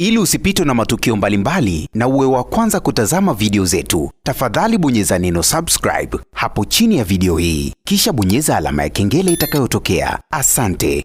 Ili usipitwe na matukio mbalimbali mbali, na uwe wa kwanza kutazama video zetu, tafadhali bonyeza neno subscribe hapo chini ya video hii, kisha bonyeza alama ya kengele itakayotokea. Asante.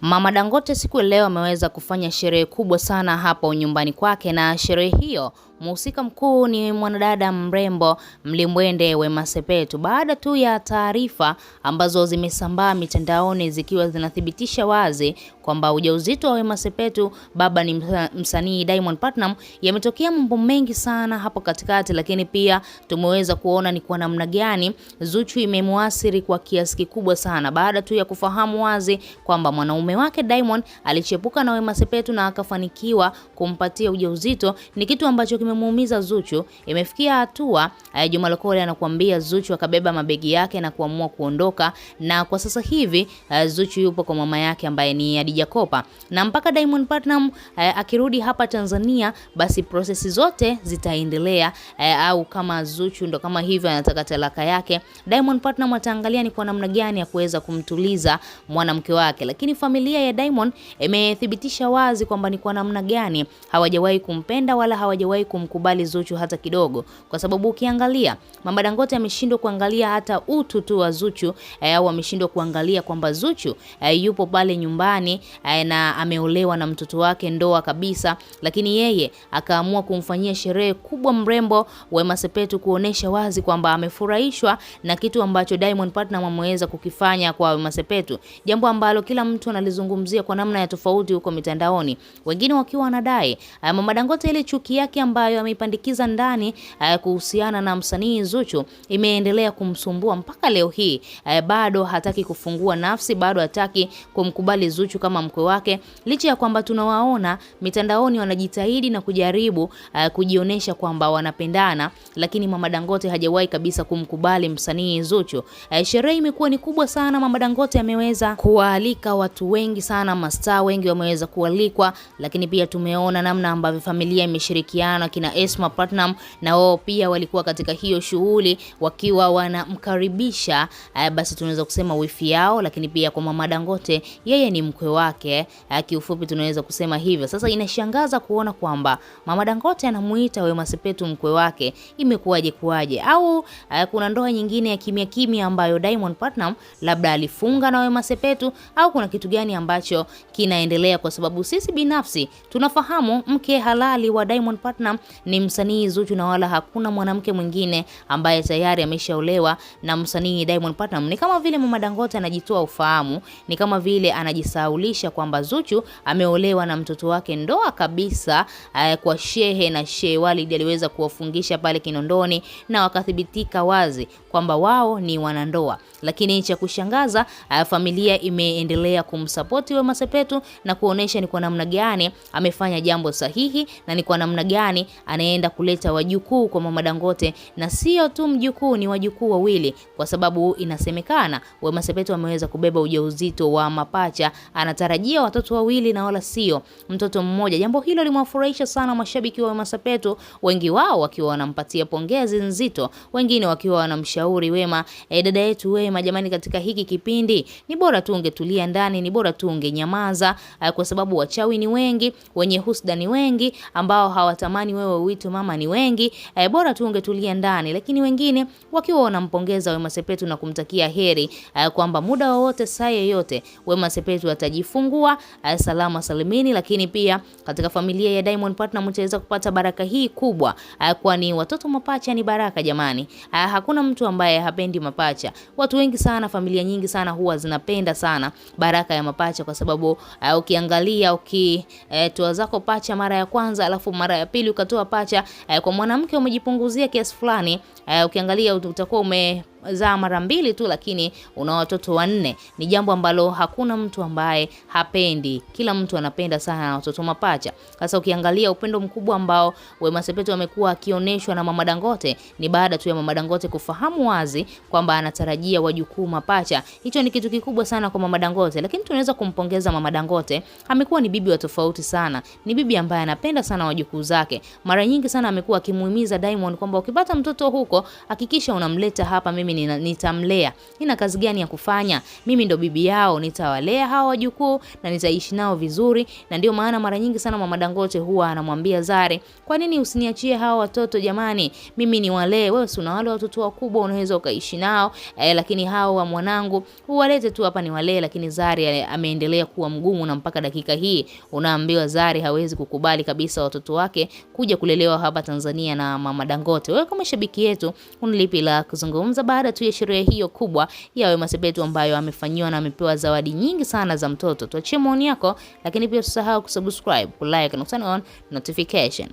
Mama Dangote siku leo ameweza kufanya sherehe kubwa sana hapo nyumbani kwake, na sherehe hiyo Mhusika mkuu ni mwanadada mrembo mlimbwende Wema Sepetu, baada tu ya taarifa ambazo zimesambaa mitandaoni zikiwa zinathibitisha wazi kwamba ujauzito wa Wema Sepetu, baba ni msanii Diamond Platinum, Yametokea mambo mengi sana hapo katikati, lakini pia tumeweza kuona ni kwa namna gani Zuchu imemwasiri kwa kiasi kikubwa sana, baada tu ya kufahamu wazi kwamba mwanaume wake Diamond alichepuka na Wema Sepetu na akafanikiwa kumpatia ujauzito, ni kitu ambacho kime imemuumiza Zuchu. Imefikia hatua eh, Juma Lokole anakuambia Zuchu akabeba mabegi yake na kuamua kuondoka, na kwa sasa hivi eh, Zuchu yupo kwa mama yake ambaye ni Adija Kopa, na mpaka Diamond Platinum Platnumz eh, akirudi hapa Tanzania, basi prosesi zote zitaendelea au kama Zuchu ndo kama hivyo anataka talaka yake, Diamond Platinum ataangalia ni kwa namna gani ya kuweza kumtuliza mwanamke wake, lakini familia ya Diamond imethibitisha wazi kwamba ni kwa namna gani hawajawahi kumpenda wala hawajawahi kum kumkubali Zuchu hata kidogo, kwa sababu ukiangalia Mama Dangote ameshindwa kuangalia hata utu tu wa Zuchu eh, au ameshindwa kuangalia kwamba Zuchu eh, yupo pale nyumbani eh, na ameolewa na mtoto wake ndoa kabisa, lakini yeye akaamua kumfanyia sherehe kubwa mrembo Wema Sepetu kuonesha wazi kwamba amefurahishwa na kitu ambacho Diamond Platnumz ameweza kukifanya kwa Wema Sepetu, jambo ambalo kila mtu analizungumzia kwa namna ya tofauti huko mitandaoni, wengine wakiwa wanadai eh, Mama Dangote ile chuki yake ambayo ambayo ameipandikiza ndani eh, kuhusiana na msanii Zuchu imeendelea kumsumbua mpaka leo hii. Eh, bado hataki kufungua nafsi, bado hataki kumkubali Zuchu kama mkwe wake, licha ya kwamba tunawaona mitandaoni wanajitahidi na kujaribu eh, kujionesha kwamba wanapendana, lakini Mama Dangote hajawahi kabisa kumkubali msanii Zuchu. Sherehe imekuwa ni kubwa sana. Mama Dangote ameweza kuwaalika watu wengi sana, mastaa wengi wameweza kualikwa, lakini pia tumeona namna ambavyo familia imeshirikiana akina Esma Platinum na wao pia walikuwa katika hiyo shughuli wakiwa wanamkaribisha, basi tunaweza kusema wifi yao, lakini pia kwa mama Dangote, yeye ni mkwe wake, kiufupi tunaweza kusema hivyo. Sasa inashangaza kuona kwamba mama Dangote anamuita Wema Sepetu mkwe wake, imekuwaje kuwaje? Au kuna ndoa nyingine ya kimya kimya ambayo Diamond Platinum labda alifunga na Wema Sepetu, au kuna kitu gani ambacho kinaendelea? Kwa sababu sisi binafsi tunafahamu mke halali wa Diamond Platinum ni msanii Zuchu na wala hakuna mwanamke mwingine ambaye tayari ameshaolewa na msanii Diamond Platinum. Ni kama vile mama Dangote anajitoa ufahamu, ni kama vile anajisaulisha kwamba Zuchu ameolewa na mtoto wake, ndoa kabisa eh, kwa shehe na shehe Walid aliweza kuwafungisha pale Kinondoni na wakathibitika wazi kwamba wao ni wanandoa, lakini cha kushangaza eh, familia imeendelea kumsapoti Wema Sepetu na kuonesha ni kwa namna gani amefanya jambo sahihi na ni kwa namna gani anaenda kuleta wajukuu kwa mama Dangote, na sio tu mjukuu, ni wajukuu wawili, kwa sababu inasemekana Wema Sepetu ameweza kubeba ujauzito wa mapacha, anatarajia watoto wawili na wala sio mtoto mmoja. Jambo hilo limewafurahisha sana mashabiki wa Wema Sepetu, wengi wao wakiwa wanampatia pongezi nzito, wengine wakiwa wanamshauri Wema, e, dada yetu Wema, jamani, katika hiki kipindi ni bora tu ungetulia ndani, ni bora tu ungenyamaza, kwa sababu wachawi ni wengi, wenye husda ni wengi ambao hawatamani wewe wito mama ni wengi e, bora tu ungetulia ndani. Lakini wengine wakiwa wanampongeza Wema Sepetu na kumtakia heri e, kwamba muda wowote saa yoyote Wema Sepetu atajifungua e, salama salimini. Lakini pia katika familia ya Diamond Platnumz mtaweza kupata baraka hii kubwa e, kwani watoto mapacha ni baraka jamani. E, hakuna mtu ambaye hapendi mapacha. Watu wengi sana, familia nyingi sana huwa zinapenda sana baraka ya mapacha kwa sababu e, ukiangalia ukitoa e, zako pacha mara ya kwanza alafu mara ya pili uka unatoa pacha eh, kwa mwanamke umejipunguzia kiasi fulani, eh, ukiangalia utakuwa ume za mara mbili tu, lakini una watoto wanne. Ni jambo ambalo hakuna mtu ambaye hapendi, kila mtu anapenda sana na watoto mapacha. Sasa ukiangalia upendo mkubwa ambao Wema Sepetu amekuwa akionyeshwa na Mama Dangote ni baada tu ya Mama Dangote kufahamu wazi kwamba anatarajia wajukuu mapacha. Hicho ni kitu kikubwa sana kwa Mama Dangote, lakini tunaweza kumpongeza Mama Dangote. Amekuwa ni bibi wa tofauti sana, ni bibi ambaye anapenda sana wajukuu zake. Mara nyingi sana amekuwa akimuhimiza Diamond kwamba ukipata mtoto huko hakikisha unamleta hapa mimi mimi nitamlea. Nina kazi gani ya kufanya? Mimi ndo bibi yao, nitawalea hawa wajukuu na nitaishi nao vizuri. Na ndio maana mara nyingi sana mama Dangote huwa anamwambia Zari, kwa nini usiniachie hawa watoto jamani? Mimi niwalee. Wewe si una wale watoto wakubwa unaweza ukaishi nao eh, lakini hao wa mwanangu uwalete tu hapa niwalee. Lakini Zari ameendelea kuwa mgumu na mpaka dakika hii unaambiwa Zari hawezi kukubali kabisa watoto wake kuja kulelewa hapa Tanzania na mama Dangote. Wewe kama shabiki yetu unalipi la kuzungumza? baada tu ya sherehe hiyo kubwa ya Wema Sepetu ambayo amefanyiwa na amepewa zawadi nyingi sana za mtoto. Tuachie maoni yako, lakini pia usisahau kusubscribe, kulike na turn on notification.